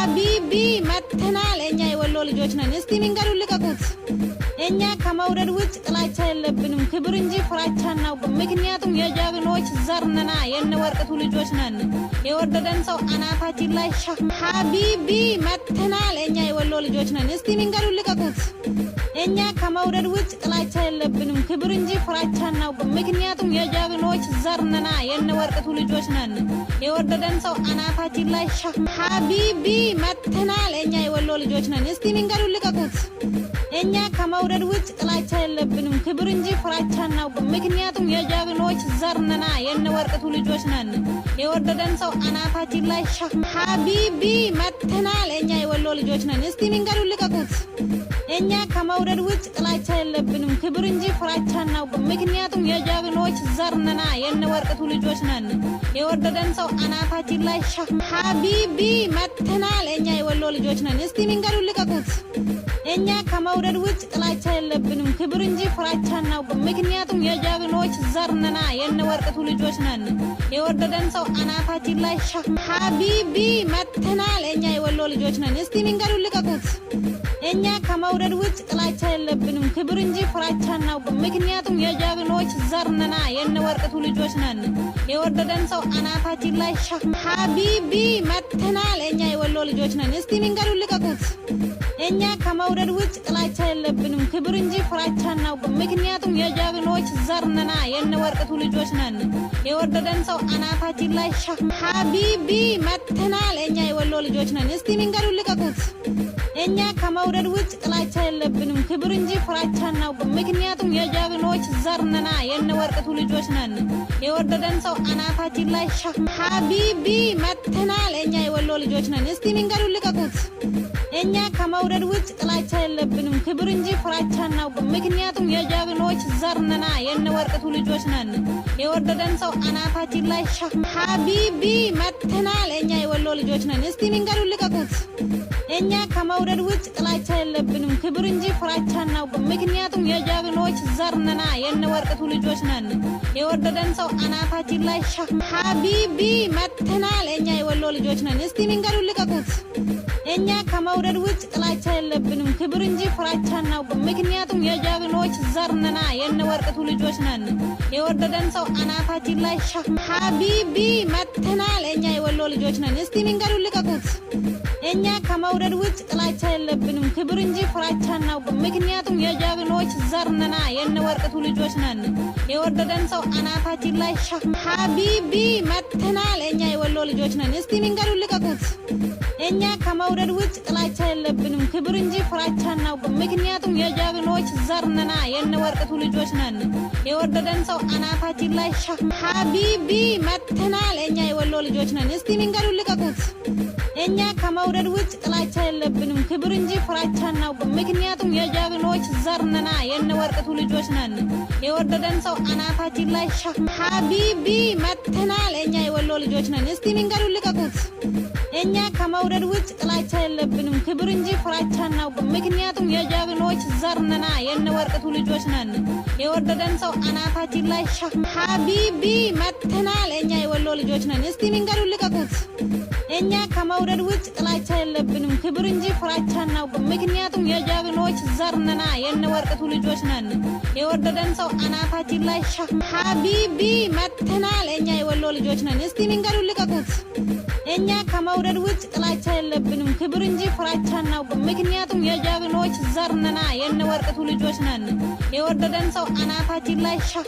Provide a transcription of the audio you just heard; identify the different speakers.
Speaker 1: ሀቢቢ መጥተናል። እኛ የወሎ ልጆች ነን። እስቲ መንገዱን ልቀቁት። እኛ ከመውደድ ውጭ ጥላቻ የለብንም፣ ክብር እንጂ ፍራቻ አናውቅም። ምክንያቱም የጀግኖች ዘር ነና የነወርቅቱ ልጆች ነን። የወደደን ሰው አናታችን ላይ ሻ ሀቢቢ መጥተናል። እኛ የወሎ ልጆች ነን። እስቲ መንገዱን ልቀቁት። እኛ ከመውደድ ውጭ ጥላቻ የለብንም፣ ክብር እንጂ ፍራቻ እናውቅም። ምክንያቱም የጀግኖች ዘርነና የነወርቅቱ ልጆች ነን። የወደደን ሰው አናታችን ላይ ሻ ሀቢቢ መትናል። እኛ የወሎ ልጆች ነን። እስቲ ሚንገዱ ልቀቁት። እኛ ከመውደድ ውጭ ጥላቻ የለብንም፣ ክብር እንጂ ፍራቻ እናውቅም። ምክንያቱም የጀግኖች ዘርነና የነወርቅቱ ልጆች ነን። የወደደን ሰው አናታችን ላይ ሻ ሀቢቢ መትናል። እኛ የወሎ ልጆች ነን። እስቲ ሚንገዱ ልቀቁት። እኛ ከመውደድ ውጭ ጥላቻ የለብንም፣ ክብር እንጂ ፍራቻ እናውቅም። ምክንያቱም የጀግኖች ዘር ነና የነወርቅቱ ልጆች ነን። የወደደን ሰው አናታችን ላይ ሀቢቢ መትናል። እኛ የወሎ ልጆች ነን። እስቲ መንገዱን ልቀቁት። እኛ ከመውደድ ውጭ ጥላቻ የለብንም፣ ክብር እንጂ ፍራቻ እናውቅም። ምክንያቱም የጀግኖች ዘር ነና የነወርቅቱ ልጆች ነን። የወደደን ሰው አናታችን ላይ ሀቢቢ መትናል። እኛ የወሎ ልጆች ነን። እስቲ መንገዱን ልቀቁት። እኛ ከመውደድ ውጭ ጥላቻ የለብንም፣ ክብር እንጂ ፍራቻ እናውቅም። ምክንያቱም የጀግኖች ዘርነና የነወርቅቱ ልጆች ነን። የወደደን ሰው አናታችን ላይ ሸክም ሀቢቢ መተናል። እኛ የወሎ ልጆች ነን። እስቲ መንገዱን ልቀቁት። እኛ ከመውደድ ውጭ ጥላቻ የለብንም፣ ክብር እንጂ ፍራቻ እናውቅም። ምክንያቱም የጀግኖች ዘርነና የነወርቅቱ ልጆች ነን። የወደደን ሰው አናታችን ላይ ሸክም ሀቢቢ መተናል። እኛ የወሎ ልጆች ነን። እስቲ መንገዱን ልቀቁት። እኛ ከመውደድ ውጭ ጥላቻ የለብንም፣ ክብር እንጂ ፍራቻ እናውቅ። ምክንያቱም የጀግኖች ዘር ነና የነወርቅቱ ልጆች ነን። የወደደን ሰው አናታችን ላይ ሻ ሀቢቢ መጥተናል። እኛ የወሎ ልጆች ነን። እስቲ መንገዱ ልቀቁት። እኛ ከመውደድ ውጭ ጥላቻ የለብንም፣ ክብር እንጂ ፍራቻ እናውቅ። ምክንያቱም የጀግኖች ዘር ነና የነወርቅቱ ልጆች ነን። የወደደን ሰው አናታችን ላይ ሻ ሀቢቢ መጥተናል። እኛ የወሎ ልጆች ነን። እስቲ መንገዱ ልቀቁት። እኛ ከመውደድ ውጭ ጥላቻ የለብንም፣ ክብር እንጂ ፍራቻ እናውቅም። ምክንያቱም የጀግኖች ዘር ነና የነወርቅቱ ልጆች ነን። የወደደን ሰው አናታችን ላይ ሻክ ሀቢቢ መጥተናል። እኛ የወሎ ልጆች ነን። እስቲ መንገዱ ልቀቁት። እኛ ከመውደድ ውጭ ጥላቻ የለብንም፣ ክብር እንጂ ፍራቻ እናውቅም። ምክንያቱም የጀግኖች ዘር ነና የነወርቅቱ ልጆች ነን። የወደደን ሰው አናታችን ላይ ሻክ ሀቢቢ መጥተናል። እኛ የወሎ ልጆች ነን። እስቲ መንገዱ ልቀቁት። እኛ ከመውደድ ውጭ ጥላቻ የለብንም፣ ክብር እንጂ ፍራቻ እናውቅም። ምክንያቱም የጀግኖች ዘርንና የነወርቅቱ ልጆች ነን። የወደደን ሰው አናታችን ላይ ሸክም ሀቢቢ መተናል። እኛ የወሎ ልጆች ነን። እስቲ መንገዱን ልቀቁት። እኛ ከመውደድ ውጭ ጥላቻ የለብንም፣ ክብር እንጂ ፍራቻ እናውቅም። ምክንያቱም የጀግኖች ዘርንና የነወርቅቱ ልጆች ነን። የወደደን ሰው አናታችን ላይ ሸክም ሀቢቢ መተናል። እኛ የወሎ ልጆች ነን። እስቲ መንገዱን ልቀቁት። ከመውደድ ውጭ ጥላቻ የለብንም፣ ክብር እንጂ ፍራቻ እናውቅም። ምክንያቱም የጀግኖች ዘርነና የነ የቅቱ ልጆች ነን። የወደደን ሰው አናታችን ላይ ሀቢቢ መጥተናል። እኛ የወሎ ልጆች ነን። እስቲ መንገዱ ልቀቁት። እኛ ከመውደድ ውጭ ጥላቻ የለብንም፣ ክብር እንጂ ፍራቻ እናውቅም። ምክንያቱም የጀግኖች ዘርነና የነወርቅቱ ልጆች ነን። የወደደን ሰው አናታችን ላይ ሀቢቢ መጥተናል። እኛ የወሎ ልጆች ነን። እስቲ መንገዱ ልቀቁት። እኛ ከመውደድ ውጭ ጥላቻ የለብንም፣ ክብር እንጂ ፍራቻ እናውቅም። ምክንያቱም የጀግኖች ዘርነና የነወርቅቱ ልጆች ነን። እንችላለን። የወደደን ሰው አናታችን ላይ ሀቢቢ መትናል። እኛ የወሎ ልጆች ነን። እስቲ መንገዱን ልቀቁት። እኛ ከመውደድ ውጭ ጥላቻ የለብንም፣ ክብር እንጂ ፍራቻ አናውቅም። ምክንያቱም የጀግኖች ዘርነና የነወርቅቱ ልጆች ነን። የወደደን ሰው አናታችን ላይ ሻ